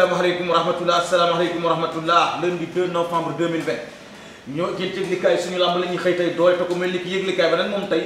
asalaamaaleykum wa rahmatullah asalaamaaleykum wa rahmatullah lundi 2 novembre 2020 ñoo jël yëglikaay suñu làmb la ñuy xëy tey doole te ko mel ni ki yëglikaay ba nag moom tey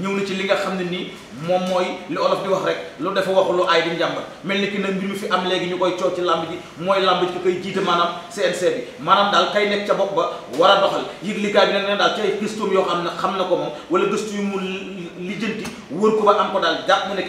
ñëw na ci li nga xam ne nii moom mooy li olof di wax rek lu dafa wax lu aay di njàmbat mel ni ki nag mbir mi fi am léegi ñu koy coow ci làmb ji mooy làmb ji ki koy jiite maanaam CNC bi maanaam daal kay nekk ca bopp ba war a doxal yëglikaay bi nag nee daal ci ay yoo xam ne xam na ko moom wala gëstu yu lijjanti wër ko ba am ko daal daa mel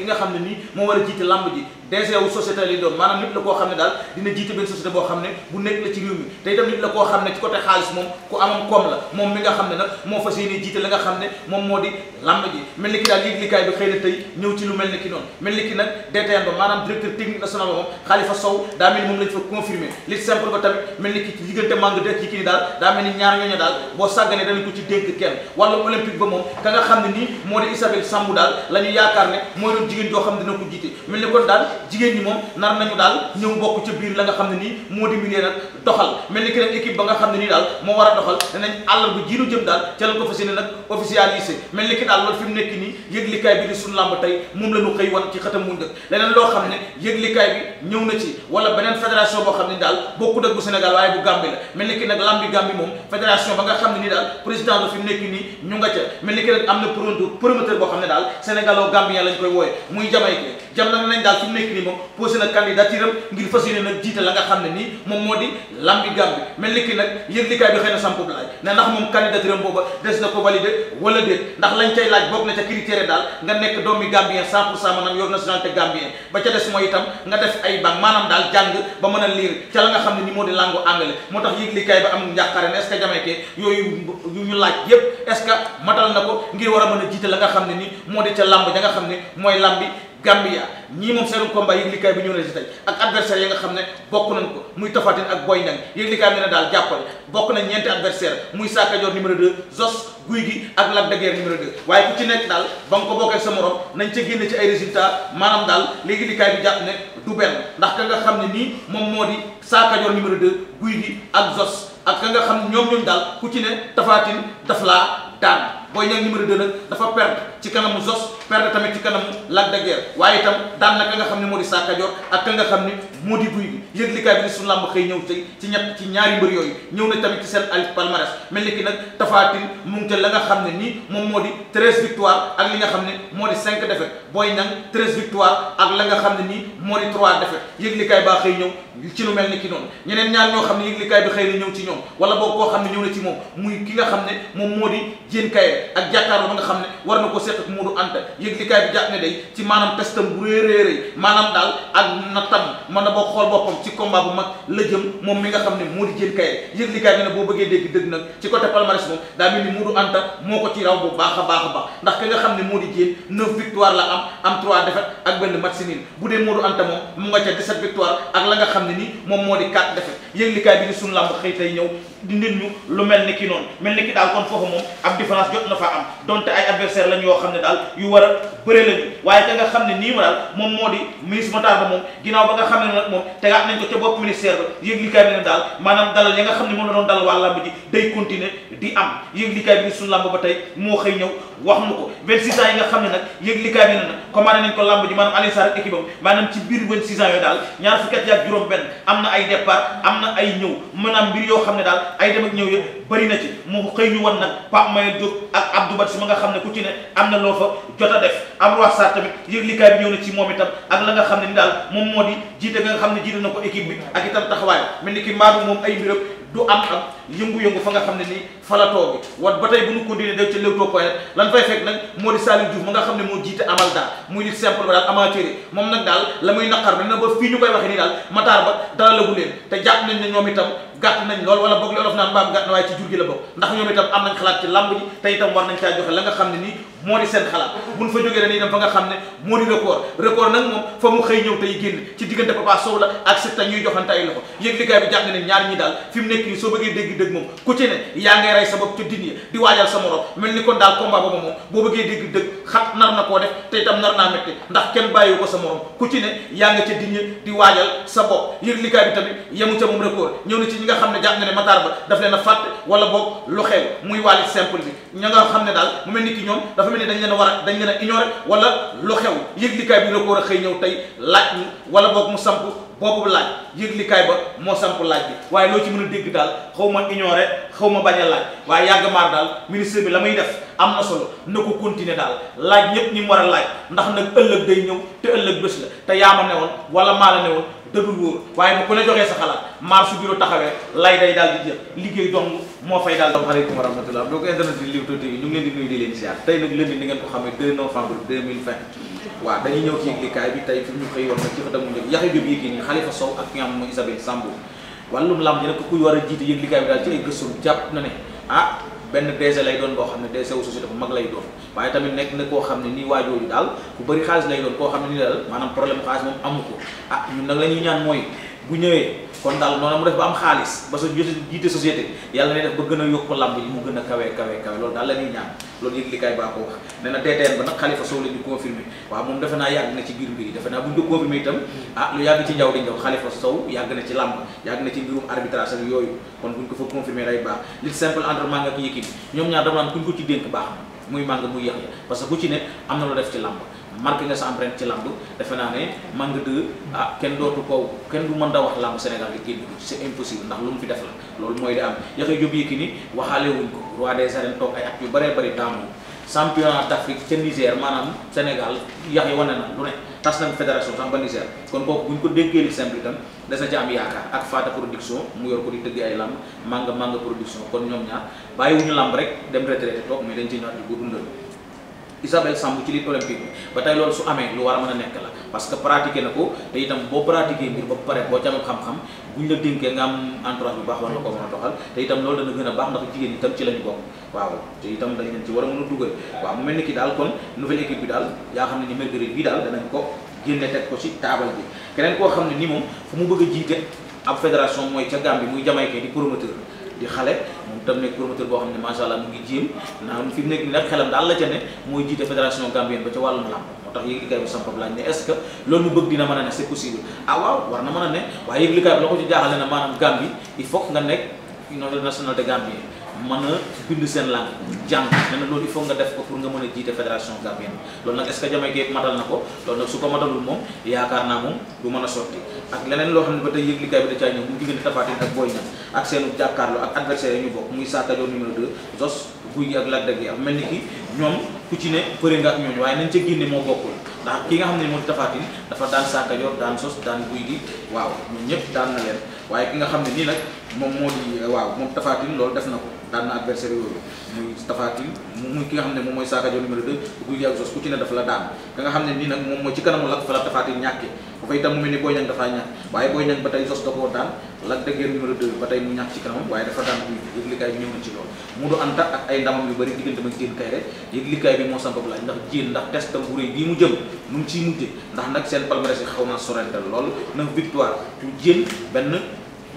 ni ñaar ñooñu daal boo sàgganee danañ ci dénk kenn wàllu olympique ba moom ka nga xam ne nii moo di Isabel Aminata Samb daal la ñu yaakaar ne mooy doon jigéen joo xam ne dina ko jiite mel ni kon daal jigéen ñi moom nar nañu daal ñëw bokk ca biir la nga xam ne nii moo di mbir nag doxal mel ni keneen équipe a àllal bu jiinu jëm daal ca lañ ko fas yéene nag daal moom la xëy wan ci xatam mu njëkk leneen loo xam ne yëglikaay bi ñëw na ci wala beneen fédération boo xam ne daal bokkut ak bu Sénégal waaye bu Gambie la mel ni ki nag lambi Gambie moom fédération ba nga boo xam ne daal sénégalo gambien lañ koy wooye muy jamaïcain jam na nañ daal fi mu nekk nii moom posé na candidature ngir fas yéene nag jiite la nga xam ne nii moom moo di lambi Gàmbi mel ni ki nag yëglikaay bi xëy na samp laaj ne ndax moom candidature am booba des na ko valider wala déet ndax lañ cay laaj bokk na ca critère daal nga nekk doomi gambien 100 pour cent maanaam yor nationalité gambien ba ca des mooy itam nga def ay banque maanaam daal jàng ba mën a liir ca la nga xam ne ni moo di moo tax yëglikaay ba am njàqare ñu laaj yépp est-ce que matal na ko ngir war a mën a jiite la nga xam ne ni moo di ca lamb ja nga xam ne mooy lambi Gambia ñii moom seen combat yëg likaay bi ñëw na si tey ak adversaire yi nga xam ne bokk nañ ko muy Tapha Tine ak Boy Niang yëg likaay bi ne daal jàppale bokk nañ ñeenti adversaire muy Sa Cadior numéro 2 Zos Guy gi ak Lac de Guiers numéro 2 waaye ku ci nekk daal ba nga ko bokkee sa morom nañ ca génne ci ay résultat maanaam daal léegi likaay bi jàpp ne du benn ndax ka nga xam ne nii moom moo di Sa Cadior numéro 2 Guy gi ak Zos ak ka nga xam ñoom ñoom daal ku ci ne Tapha Tine daf laa daan Boy Niang numéro 2 nag dafa ci kanamu Zos perte tamit ci kanamu Lac de Guiers waaye itam daan na nga xam ne moo di Sa Kajoor ak ka nga xam ne moo di Gouye Gui yëglikaay bi di làmb xëy ñëw ci ñaari mbër yooyu ñëw na tamit ci seen alif xam ne nii moom moo di treize victoire li nga xam ne moo di cinq défaites Boy Niang treize victoire ak la nga xam ne nii moo di trois défaites yëglikaay baa xëy ñëw ci lu mel ni ki noonu ñeneen ñaar ñoo xam ne yëglikaay bi xëy na ñëw ci ñoom wala boo koo xam ne ñëw na ci moom muy ki nga xam ne moom moo di Diène Kaïré ak jàkkaarloo ba nga xam ne war na ko seq ak Moodu Anta testam bu réeréeréy maanaam daal ak nattam mën na boo xool boppam ci combat bu mag la jëm moom mi nga xam ne moo di jën kay yëglikaay bi ne boo bëggee dégg a di jën neuf bu dee Moodu Anta moom moo di quatre défaites yëglikaay bi ni suñu làmb xëy tey ñëw di ndil ñu lu mel ni ki noonu mel ni ki daal kon foofu moom ab différence jot na fa am donte ay adversaire la wax xam ne daal yu war a bëre lañu waaye ka nga xam ne nii ma daal moom moo di ministre Matar Ba moom ginnaaw ba nga xam ne nag moom tegaat nañ ko ca daal maanaam dalal nga xam ne moom la doon dalal waa làmb ji day continuer di am ko 26 ans xam ne nag yëglikaay bi ne na nañ ko làmb ji maanaam Alioune Sarr équipe am maanaam ci biir 26 ans yooyu daal ñaar fukki at ak juróom benn am na ay départ am na ay ñëw maanaam mbir yoo xam ne daal ay dem ak ñëw yëpp bëri na ci mu xëy ñu wan nag Pape Mayel Diop ak Abdou Badji ma nga xam ne ku ci ne am na loo fa jot a def am roi Sarr tamit yëglikaay bi ñëw na ci moom itam ak la nga xam ne ni daal moom moo di jiite nga xam ne jiite na ko équipe bi ak itam taxawaay mel ni ki maadu moom ay mbirëb du am am yëngu-yëngu fa nga xam ne nii falatoo bi wat ba tey bu nu continuer def ci Leewtoo point lan fay fekk nag moo di Saliou Diouf mu nga xam ne moo jiite amal daal muy nit simple ba daal amateur yi moom nag daal la muy naqar bi na ba fii ñu koy waxee nii daal mataar ba dara lagu leen te jàpp nañ ne ñoom itam gàtt nañ lool wala boog li olof naan mbaam gàtt na waaye ci jur gi la bokk ndax ñoom itam am nañ xalaat ci lamb ji te itam wax nañ caa joxe la nga xam ne nii moo di seen xalaat buñ fa jógee dañuy dem fa nga xam ne moo di record record nag moom fa mu xëy ñëw tey génn ci diggante Papa Sow la ak Siteu ñuy joxante ay loxo yéeg liggéey bi dégg dëgg moom ku ci ne yaa ngay rey sa bopp ca din di ko sa morom ku ci ne yaa nga ca din di waajal sa bopp yéeg liggéey bi tamit yemu ca moom record ñëw na ci ñi nga xam ne jàng ne Matar Ba daf leen a fàtte wala boog lu xew muy wàlli simple bi ña nga xam ne daal mu mel ni ki ñoom dafa dañ leen a war a dañ leen a ignorer wala lu xew yëglikaay bi ñu la ko war a xëy ñëw tey laaj ñu wala boog mu samp boobu laaj yëglikaay ba moo samp laaj bi waaye loo ci mën a dégg daal xaw ma ignorer xaw ma bañ a laaj waaye yàgg maar daal ministre bi la muy def am na solo na ko continuer daal laaj ñëpp ñi mu war a laaj ndax nag ëllëg day ñëw te ëllëg bés la te yaa ma ne woon wala maa la ne woon dadul wóor waaye bu ku ne joxee sa xalaat maar su bureau taxawee lay day daal di jël liggéey dong moo fay daal asalaamaaleykum wa rahmatullah donc internet yi Leewtoo TV ñu ngi leen di nuyu di leen ziar tey nag lundi ni ngeen bi tey fi ñu xëy woon nag ci xëtamu njëkk yaxi jób yéegi nii Khalifa Sow ak ñam mooy Isabelle Sambo wàllum lam ji nag ku war a jiite yëglikaay bi daal ci ay gëstu jàpp na ne ah, benn DG lay doon boo xam ne DG wu société bu mag lay doon waaye tamit nekk na koo xam ne nii waajooju daal ku bëri xaalis lay doon koo xam ne nii daal maanaam problème xaalis moom amu ko ah ñun nag la ñuy ñaan mooy bu ñëwee kon daal noonu mu def ba am xaalis ba sa jiite société yàlla ne def ba gën a yokk làmb yi mu gën a kawe kawe kawe loolu daal la ñuy ñaan loolu yëg likaay baa ko wax nee na DTN ba nag Khalifa Sow la ñu confirmé waaw moom defe naa yàgg na ci biir mbir yi defe naa bu ñu ko confirmé itam ah lu yàgg ci njaw di njaw Khalifa Sow yàgg na ci làmb yàgg na ci mbirum arbitrage ak yooyu kon bu ñu ko fa confirmé day baax li simple entre Manga ak Yékini ñoom ñaar dama naan ku ñu ko ci baax na muy Manga muy Yaxya parce que ku ci ne am na lu ci làmb marqué nga sa empreinte ci lamb defe naa ne Manga 2 ah kenn dootu ko kenn du mën da wax lamb Sénégal di génn ko ci impossible ndax lu mu fi def la loolu mooy di am yaxey jóg yi ki ni waxaale wuñ ko roi des arènes toog ay at yu bëree bëri daamu championnat maanaam Sénégal yax yi wane na lu ne tas nañ fédération sax ba Niger kon kooku bu ñu ko déggee li simple itam des na ci am yaakaar ak Fata production mu yor ko di tëgg ay lamb Manga Manga production kon ñoom ñaar bàyyiwuñu lamb rek dem retraité toog mais dañ ci ñëwaat di ko dundal Isabelle Samb ci lutte olympique bi ba tey loolu su amee lu war a mën a nekk la parce que pratiquer na ko te itam boo pratiquer mbir ba pare boo ci xam-xam buñ la dénkee nga am entourage bu baax war la ko mën a doxal te itam loolu dana gën a baax ndax jigéen itam ci la ñu bokk waaw te itam dañ leen ci war a mën a dugal waaw mu mel ni ki daal kon nouvelle équipe bi daal yaa xam ne ni mercredi bii daal danañ ko génne teg ko ci taabal bi keneen koo xam ne ni moom fu mu bëgg a jiite ab fédération mooy ca Gambie muy Jamaïque di promoteur di xale mu tam nekk promoteur boo xam ne macha allah mu ngi jéem naan fi nekk nii nag xelam daal la ca ne mooy jiite fédération gambienne ba ca wàllum làmb moo tax yëglikaay bi sampab laaj ne est-ce que loolu mu bëgg dina mën a ne c'est possible ah waaw war na mën a ne waaye yëglikaay bi la ko ci jaaxale na maanaam Gambie il faut nga nekk une nationalité gambienne mën a bind seen langue jàng nee na loolu il faut nga def ko pour nga mën a jiite fédération gambienne loolu nag est-ce que jamay matal na ko loolu nag su ko matalul moom yaakaar naa moom du mën a sotti ak leneen loo xam ne ba tey yëg liggéey bi da caa ñëw mu diggante Tapha Tine ak Boy Niang ak seenu ak adversaire yi ak mel ni ki ñoom ku ci ne bëri nga ak ñooñu waaye nañ ca génne moo bokkul ndax ki nga xam ne moo di Tapha Tine dafa daan Sa Kajoor daan Zoss daan Gouye Gui waaw leen waaye ki nga xam ne nii nag moom moo waaw moom Tapha Tine loolu def na ko daan adversaire yooyu muy Tapha Tine muy ki nga xam ne moom mooy Sa Kadio numéro 2 Gouye Gui ak Zoss ku ci ne daf la daan ka nga xam ne nii nag moom mooy ci kanamu Lac fa la Tapha Tine ñàkkee bu fay itam mu mel ni Boy Niang dafaa ñàkk waaye Boy Niang ba tey Zoss da daan Lac de Guiers numéro ba tey mu ñàkk ci kanamam waaye dafa daan Gouye yëglikaay bi ñëw na ci loolu mu du anta ak ay ndamam yu bëri diggante mag jéen kay rek yëglikaay bi moo sampab laaj ndax jéen ndax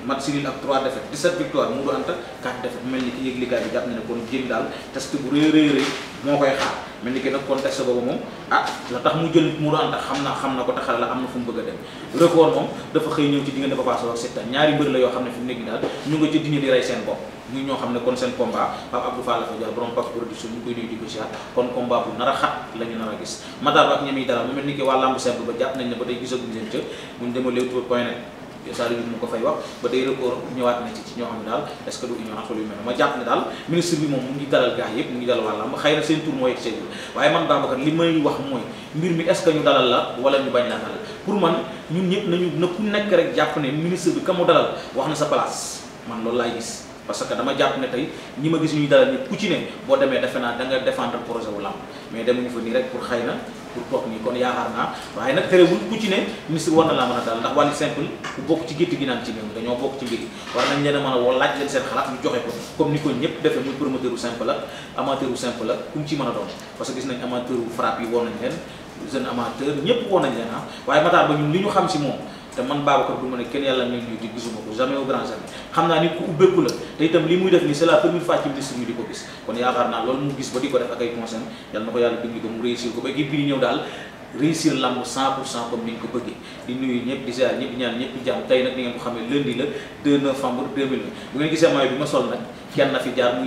match nul ak 3 défaites 17 victoire mu du anta 4 défaites mel ni ki yëglikaay bi jàpp na ne kon jël daal test bu rëy rëy moo koy xaar mel ni ki nag ah, mu jël du anta xam na ko taxal la am na fu mu a yoo xam ne kon seen bu nar a xat la nar a gis Matar ba ak ñamiy dara mu mel ni ki waa lamb simple ba jàpp nañ ne ba tey gisaguñ leen ca buñ dema Leewtoo point net Saliou Diouf mu ko fay wax ba day record ñëwaat na ci ci ñoo xam ne daal est-ce que du ignorance wala yu mel ma jàpp ne daal ministre bi moom mu ngi dalal gaay yëpp mu ngi dalal wàllam xëy na seen tur mooy excès waaye man Babacar li may wax mooy mbir mi est ñu dalal la wala ñu bañ la dalal pour man ñun ñëpp nañu nekk rek jàpp ne ministre bi ka mu dalal wax na sa place man loolu laay gis parce que dama jàpp ne tey ñi ma gis ñuy dalal ñëpp ku boo demee defe naa da nga défendre projet wu làmb mais demuñu pour xëy na pour toog nii kon yaakaar naa waaye nag terewul ku ci ne ministre war na laa mën a daal ndax wàllu simple ku bokk ci gétt gi naan ci réew dañoo bokk ci mbir yi nañ leen a a woo laaj leen seen xalaat ñu joxe ko comme ni ko ñëpp defee muy promoteur u simple ak amateur u simple ak ku ci mën a doon parce que gis nañ amateur u yi woo nañ leen jeune amateur ñëpp woo nañ leen ah waaye Matar Ba ñun li ñu xam si moom te man Babacar du ma ne kenn yàlla nañ ñu di gisuma ko jamais au grand jamais xam naa ni ku ubbeeku la te itam li muy def nii c'est la première fois ci ministre bi di ko gis kon yaakaar naa loolu mu gis ba di ko def ak ay conseils yàlla na ko yàlla dimbali ko mu réussir ko ba équipe bi ñëw daal réussir lamb 100 pour 100 comme ko bëggee di nuyu ñëpp di ziar ñëpp ñaan ñëpp jàmm tey nag ni ngeen ko xamee lundi la 2 novembre 2020 bu ngeen gisee maillot bi ma sol nag kenn na fi jaar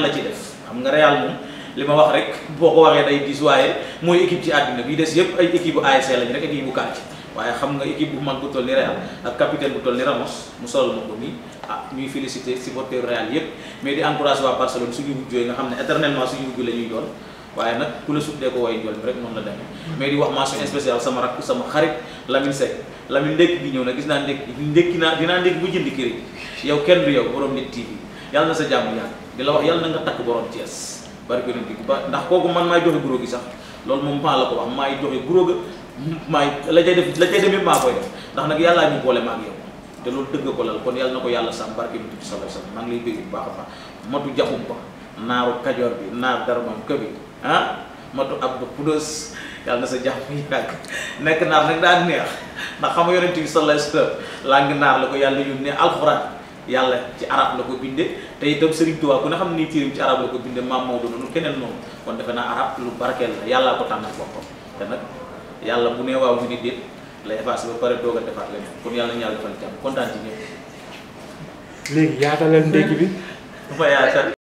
la xam nga Real moom li ma wax rek boo ko waxee day gis waaye mooy équipe ci àddina bi des yëpp ay équipe bu ASC lañ rek équipe bu quartier waaye xam nga équipe bu mag bu toll ni Real ak capitaine bu toll ni Ramos mu solal ma ko nii ah félicité supporter Real yëpp mais di encouragé waa Barcelone suñu wujjooy nga xam ne éternellement suñu wujju la ñuy doon waaye nag ku la suddee ko way jol bi rek noonu la demee mais di wax mention spéciale sama rakk sama xarit Lamine Seck Lamine ndékk bi ñëw na gis naa ndékk ndékki naa dinaa ndékk bu jënd kër yow kenn du yow borom nit TV yàlla na sa jàmm yàgg di la wax yàlla na barke yonent bi ba ndax kooku man maay joxe guro gi sax loolu moom maa la ko wax maay joxe guro ga maay la cay def la dem maa koy ndax nag yàllaa ñu boole maa ak yow te loolu dëgg ko lal kon yàlla na ko yàlla sàmm barke yonent bi sallallahu alayhi ngi lay bëgg bu a baax matu jaxum ba naaru kajoor bi naar darmam kë bi ah matu abdu pudos yàlla na sa jax jàmm yàgg nekk naar nag daan neex ndax xam nga yonent bi sallallahu alayhi wasallam laa ngi naar la ko yàlla ne alxuraan yàlla ci arab la ko binde te itam Serigne Touba ku ne xam ni tiiram ci arab la ko binde maam Maodo noonu keneen noonu kon defe naa arab lu barkeel la yàllaa ko tànnal boppam te nag yàlla bu nee waaw mu ni déet la effacé ba pare doog a defaat leneen kon yàlla ñu yàlla defal jàmm kontaan ci ñëpp léegi yaatalal ndékki bi dafa yaatal